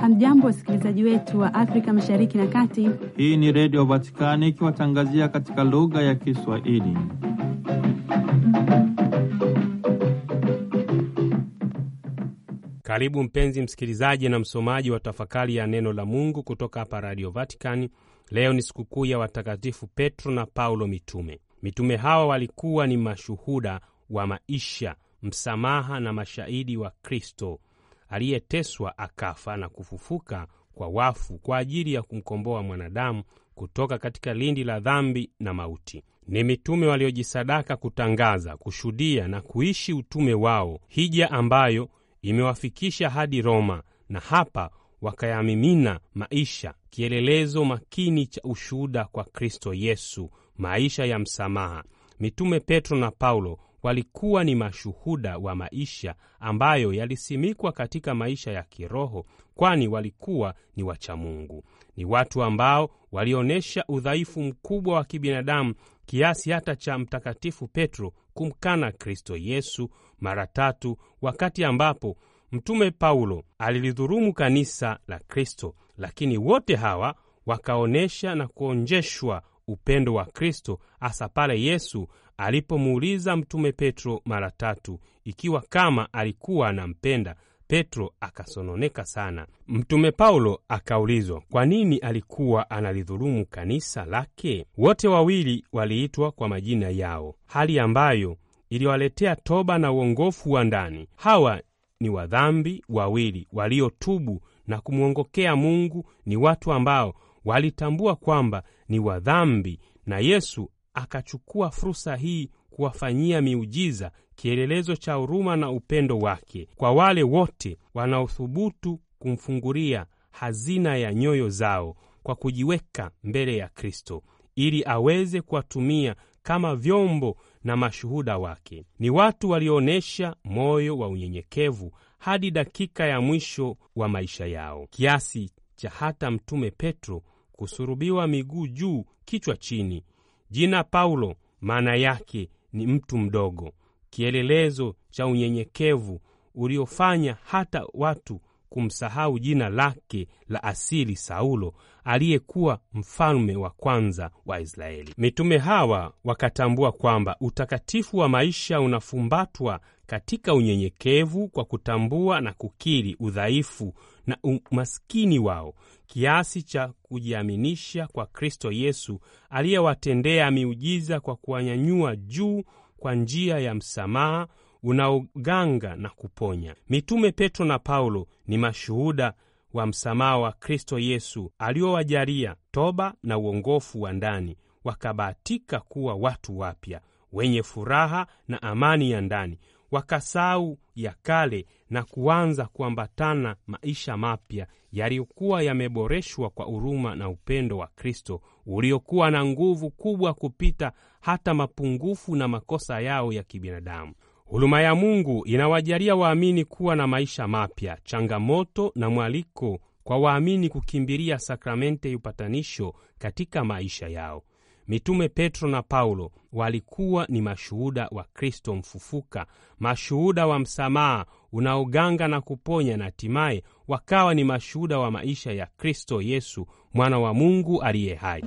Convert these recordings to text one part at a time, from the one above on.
Hamjambo, wasikilizaji wetu wa Afrika mashariki na kati. Hii ni Redio Vatikani ikiwatangazia katika lugha ya Kiswahili. Mm. Karibu mpenzi msikilizaji na msomaji wa tafakari ya neno la Mungu kutoka hapa Radio Vatikani. Leo ni sikukuu ya watakatifu Petro na Paulo mitume. Mitume hawa walikuwa ni mashuhuda wa maisha msamaha na mashahidi wa Kristo aliyeteswa akafa na kufufuka kwa wafu kwa ajili ya kumkomboa mwanadamu kutoka katika lindi la dhambi na mauti. Ni mitume waliojisadaka kutangaza, kushuhudia na kuishi utume wao, hija ambayo imewafikisha hadi Roma, na hapa wakayamimina maisha, kielelezo makini cha ushuhuda kwa Kristo Yesu, maisha ya msamaha. Mitume Petro na Paulo walikuwa ni mashuhuda wa maisha ambayo yalisimikwa katika maisha ya kiroho, kwani walikuwa ni wachamungu. Ni watu ambao walionyesha udhaifu mkubwa wa kibinadamu kiasi hata cha Mtakatifu Petro kumkana Kristo Yesu mara tatu, wakati ambapo Mtume Paulo alilidhurumu kanisa la Kristo, lakini wote hawa wakaonyesha na kuonjeshwa upendo wa Kristo hasa pale Yesu Alipomuuliza Mtume Petro mara tatu ikiwa kama alikuwa anampenda, Petro akasononeka sana. Mtume Paulo akaulizwa kwa nini alikuwa analidhulumu kanisa lake. Wote wawili waliitwa kwa majina yao, hali ambayo iliwaletea toba na uongofu wa ndani. Hawa ni wadhambi wawili waliotubu na kumwongokea Mungu. Ni watu ambao walitambua kwamba ni wadhambi na Yesu akachukua fursa hii kuwafanyia miujiza, kielelezo cha huruma na upendo wake kwa wale wote wanaothubutu kumfungulia hazina ya nyoyo zao kwa kujiweka mbele ya Kristo ili aweze kuwatumia kama vyombo na mashuhuda wake. Ni watu walioonyesha moyo wa unyenyekevu hadi dakika ya mwisho wa maisha yao, kiasi cha hata Mtume Petro kusurubiwa miguu juu kichwa chini Jina Paulo maana yake ni mtu mdogo, kielelezo cha unyenyekevu uliofanya hata watu kumsahau jina lake la asili Saulo, aliyekuwa mfalme wa kwanza wa Israeli. Mitume hawa wakatambua kwamba utakatifu wa maisha unafumbatwa katika unyenyekevu, kwa kutambua na kukiri udhaifu na umaskini wao kiasi cha kujiaminisha kwa Kristo Yesu aliyewatendea miujiza kwa kuwanyanyua juu kwa njia ya msamaha unaoganga na kuponya. Mitume Petro na Paulo ni mashuhuda wa msamaha wa Kristo Yesu aliowajalia toba na uongofu wa ndani, wakabahatika kuwa watu wapya wenye furaha na amani ya ndani wakasau ya kale na kuanza kuambatana maisha mapya yaliyokuwa yameboreshwa kwa huruma na upendo wa Kristo uliokuwa na nguvu kubwa kupita hata mapungufu na makosa yao ya kibinadamu. Huruma ya Mungu inawajalia waamini kuwa na maisha mapya, changamoto na mwaliko kwa waamini kukimbilia sakramente ya upatanisho katika maisha yao. Mitume Petro na Paulo walikuwa ni mashuhuda wa Kristo mfufuka, mashuhuda wa msamaha unaoganga na kuponya, na hatimaye wakawa ni mashuhuda wa maisha ya Kristo Yesu, mwana wa Mungu aliye hai.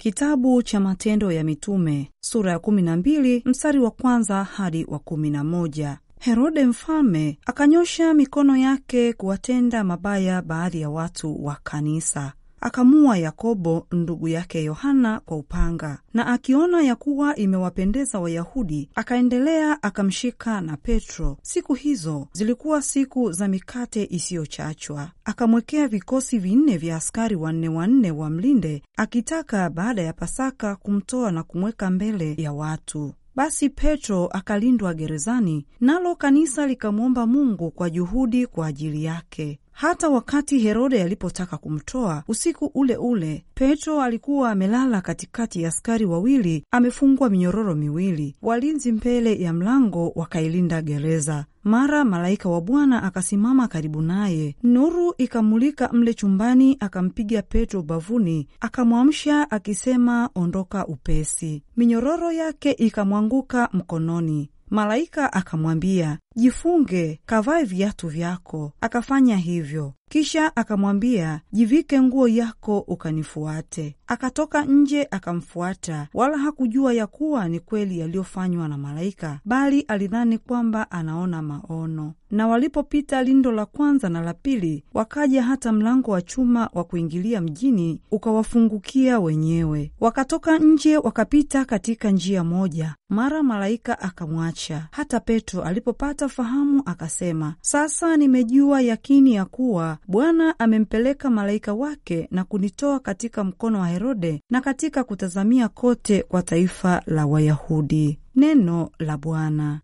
kitabu cha Matendo ya Mitume sura ya kumi na mbili mstari wa kwanza hadi wa kumi na moja. Herode mfalme akanyosha mikono yake kuwatenda mabaya baadhi ya watu wa kanisa, akamua Yakobo ndugu yake Yohana kwa upanga, na akiona ya kuwa imewapendeza Wayahudi, akaendelea akamshika na Petro. Siku hizo zilikuwa siku za mikate isiyochachwa. Akamwekea vikosi vinne vya askari wanne wanne mlinde akitaka baada ya Pasaka kumtoa na kumweka mbele ya watu. Basi Petro akalindwa gerezani, nalo kanisa likamwomba Mungu kwa juhudi kwa ajili yake. Hata wakati Herode alipotaka kumtoa usiku ule ule, Petro alikuwa amelala katikati ya askari wawili, amefungwa minyororo miwili, walinzi mbele ya mlango wakailinda gereza. Mara malaika wa Bwana akasimama karibu naye, nuru ikamulika mle chumbani, akampiga Petro bavuni, akamwamsha akisema, ondoka upesi. Minyororo yake ikamwanguka mkononi. Malaika akamwambia jifunge kavae viatu vyako. Akafanya hivyo. Kisha akamwambia, jivike nguo yako ukanifuate. Akatoka nje akamfuata, wala hakujua ya kuwa ni kweli yaliyofanywa na malaika, bali alidhani kwamba anaona maono. Na walipopita lindo la kwanza na la pili, wakaja hata mlango wa chuma wa kuingilia mjini ukawafungukia wenyewe. Wakatoka nje wakapita katika njia moja, mara malaika akamwacha. Hata Petro alipopata alipata fahamu akasema, sasa nimejua yakini ya kuwa Bwana amempeleka malaika wake na kunitoa katika mkono wa Herode na katika kutazamia kote kwa taifa la Wayahudi. Neno la Bwana.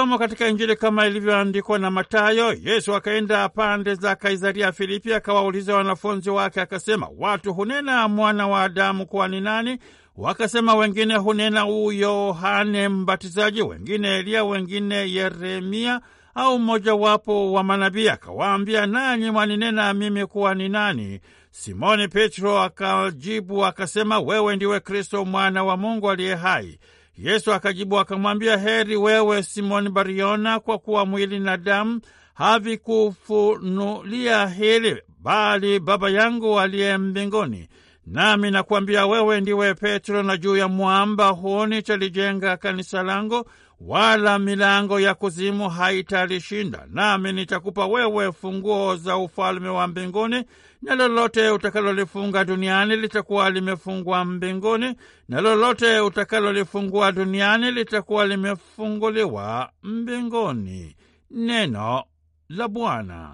Somo katika Injili kama ilivyoandikwa na matayo Yesu akaenda pande za Kaisaria Filipi, akawauliza wanafunzi wake akasema, watu hunena mwana wa Adamu kuwa ni nani? Wakasema, wengine hunena u Yohane Mbatizaji, wengine Eliya, wengine Yeremia au mmojawapo wa manabii. Akawaambia, nanyi mwaninena mimi kuwa ni nani? Simoni Petro akajibu akasema, wewe ndiwe Kristo mwana wa Mungu aliye hai. Yesu akajibu akamwambia, heri wewe Simoni Bariona, kwa kuwa mwili na damu havikufunulia hili, bali Baba yangu aliye mbinguni. Nami nakwambia wewe, ndiwe Petro, na juu ya mwamba huu nitalijenga kanisa langu wala milango ya kuzimu haitalishinda. Nami nitakupa wewe funguo za ufalme wa mbinguni, na lolote utakalolifunga duniani litakuwa limefungwa mbinguni, na lolote utakalolifungua duniani litakuwa limefunguliwa mbinguni. Neno la Bwana.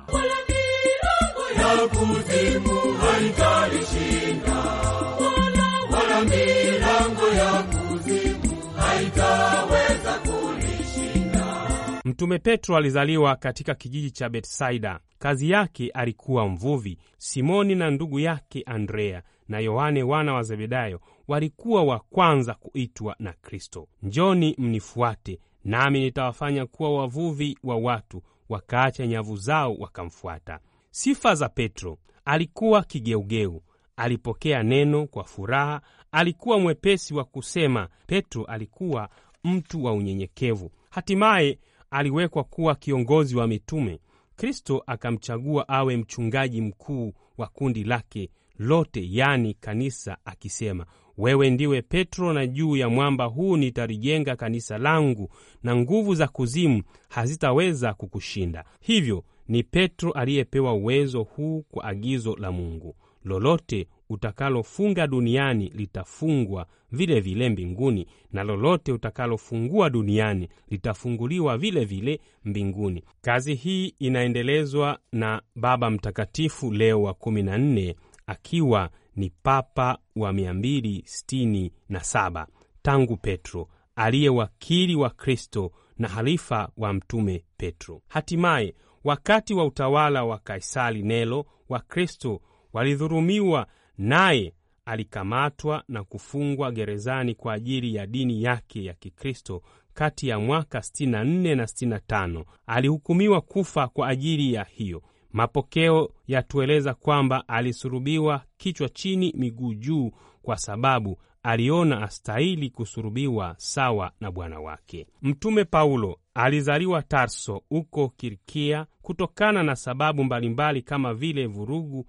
Mtume Petro alizaliwa katika kijiji cha Betsaida. Kazi yake alikuwa mvuvi. Simoni na ndugu yake Andrea na Yohane wana wa Zebedayo walikuwa wa kwanza kuitwa na Kristo, njoni mnifuate, nami nitawafanya kuwa wavuvi wa watu. Wakaacha nyavu zao wakamfuata. Sifa za Petro: alikuwa kigeugeu, alipokea neno kwa furaha, alikuwa mwepesi wa kusema. Petro alikuwa mtu wa unyenyekevu. Hatimaye aliwekwa kuwa kiongozi wa mitume, Kristo akamchagua awe mchungaji mkuu wa kundi lake lote, yaani kanisa, akisema, wewe ndiwe Petro, na juu ya mwamba huu nitalijenga kanisa langu, na nguvu za kuzimu hazitaweza kukushinda. Hivyo ni Petro aliyepewa uwezo huu kwa agizo la Mungu. Lolote utakalofunga duniani litafungwa vile vile mbinguni, na lolote utakalofungua duniani litafunguliwa vile vile mbinguni. Kazi hii inaendelezwa na Baba Mtakatifu Leo wa 14 akiwa ni Papa wa 267 tangu Petro, aliye wakili wa Kristo na halifa wa Mtume Petro. Hatimaye, wakati wa utawala wa Kaisari nelo Wakristo walidhurumiwa naye alikamatwa na kufungwa gerezani kwa ajili ya dini yake ya Kikristo kati ya mwaka 64 na 65. Alihukumiwa kufa kwa ajili ya hiyo. Mapokeo yatueleza kwamba alisurubiwa kichwa chini, miguu juu, kwa sababu aliona astahili kusurubiwa sawa na Bwana wake. Mtume Paulo alizaliwa Tarso huko Kilikia, kutokana na sababu mbalimbali kama vile vurugu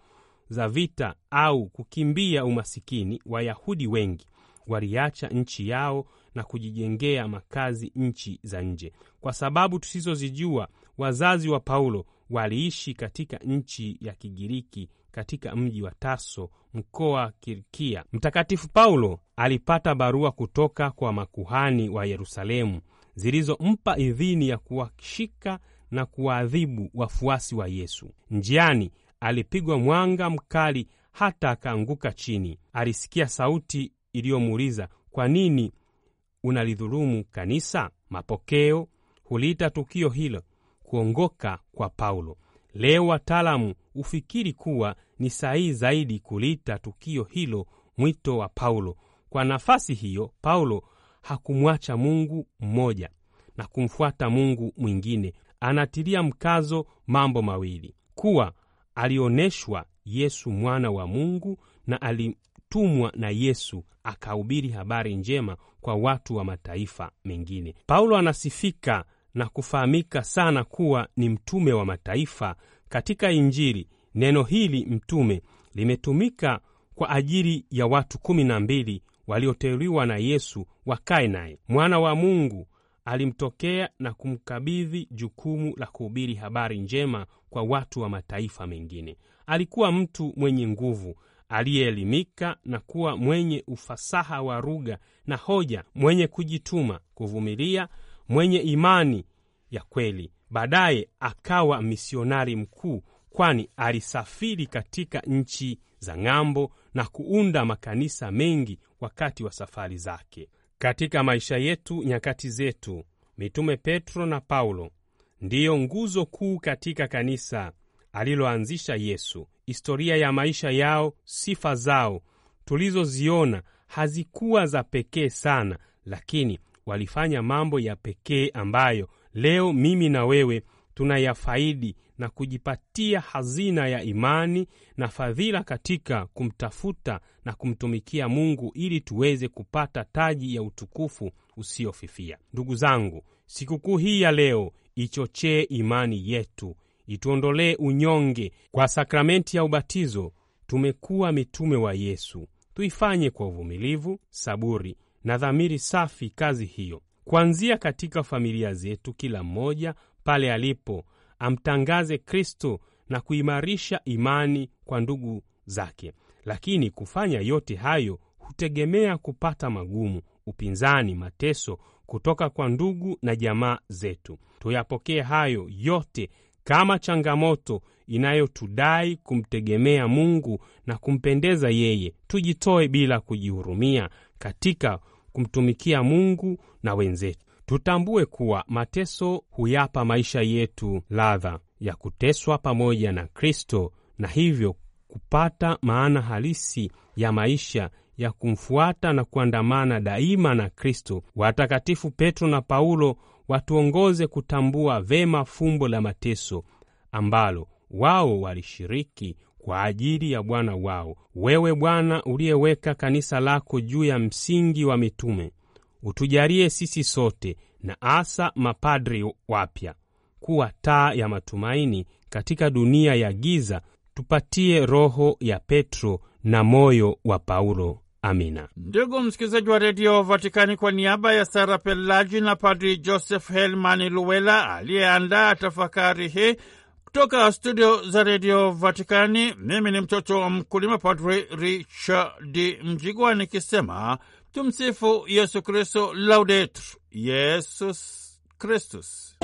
za vita au kukimbia umasikini, Wayahudi wengi waliacha nchi yao na kujijengea makazi nchi za nje. Kwa sababu tusizozijua, wazazi wa Paulo waliishi katika nchi ya Kigiriki katika mji wa Taso, mkoa wa Kilikia. Mtakatifu Paulo alipata barua kutoka kwa makuhani wa Yerusalemu zilizompa idhini ya kuwashika na kuwaadhibu wafuasi wa Yesu. Njiani Alipigwa mwanga mkali hata akaanguka chini. Alisikia sauti iliyomuuliza, kwa nini unalidhulumu kanisa? Mapokeo huliita tukio hilo kuongoka kwa Paulo. Leo wataalamu hufikiri kuwa ni sahihi zaidi kuliita tukio hilo mwito wa Paulo. Kwa nafasi hiyo, Paulo hakumwacha Mungu mmoja na kumfuata Mungu mwingine. Anatilia mkazo mambo mawili: kuwa alioneshwa Yesu mwana wa Mungu na alitumwa na Yesu akahubiri habari njema kwa watu wa mataifa mengine. Paulo anasifika na kufahamika sana kuwa ni mtume wa mataifa katika Injili. Neno hili mtume limetumika kwa ajili ya watu kumi na mbili walioteuliwa na Yesu wakae naye. Mwana wa Mungu alimtokea na kumkabidhi jukumu la kuhubiri habari njema kwa watu wa mataifa mengine. Alikuwa mtu mwenye nguvu, aliyeelimika na kuwa mwenye ufasaha wa lugha na hoja, mwenye kujituma, kuvumilia, mwenye imani ya kweli. Baadaye akawa misionari mkuu, kwani alisafiri katika nchi za ng'ambo na kuunda makanisa mengi wakati wa safari zake. Katika maisha yetu, nyakati zetu, mitume Petro na Paulo ndiyo nguzo kuu katika kanisa aliloanzisha Yesu. Historia ya maisha yao, sifa zao tulizoziona hazikuwa za pekee sana, lakini walifanya mambo ya pekee ambayo leo mimi na wewe tunayafaidi na kujipatia hazina ya imani na fadhila katika kumtafuta na kumtumikia Mungu ili tuweze kupata taji ya utukufu usiofifia. Ndugu zangu, sikukuu hii ya leo ichochee imani yetu, ituondolee unyonge. Kwa sakramenti ya ubatizo tumekuwa mitume wa Yesu. Tuifanye kwa uvumilivu, saburi na dhamiri safi kazi hiyo, kuanzia katika familia zetu. Kila mmoja pale alipo amtangaze Kristo na kuimarisha imani kwa ndugu zake. Lakini kufanya yote hayo hutegemea kupata magumu, upinzani, mateso kutoka kwa ndugu na jamaa zetu. Tuyapokee hayo yote kama changamoto inayotudai kumtegemea Mungu na kumpendeza yeye. Tujitoe bila kujihurumia katika kumtumikia Mungu na wenzetu. Tutambue kuwa mateso huyapa maisha yetu ladha ya kuteswa pamoja na Kristo na hivyo kupata maana halisi ya maisha ya kumfuata na kuandamana daima na Kristo. Watakatifu Petro na Paulo watuongoze kutambua vema fumbo la mateso ambalo wao walishiriki kwa ajili ya Bwana wao. Wewe Bwana uliyeweka kanisa lako juu ya msingi wa mitume, utujalie sisi sote na asa mapadri wapya kuwa taa ya matumaini katika dunia ya giza. Tupatie roho ya Petro na moyo wa Paulo. Amina. Ndugu msikilizaji wa redio Vatikani, kwa niaba ya Sara Pelaji na Padri Joseph Helman Luwela aliyeandaa tafakari hii kutoka studio za redio Vatikani, mimi ni mtoto wa mkulima Padri Richard Mjigwa nikisema tumsifu Yesu Kristo, laudetur Yesus Kristus.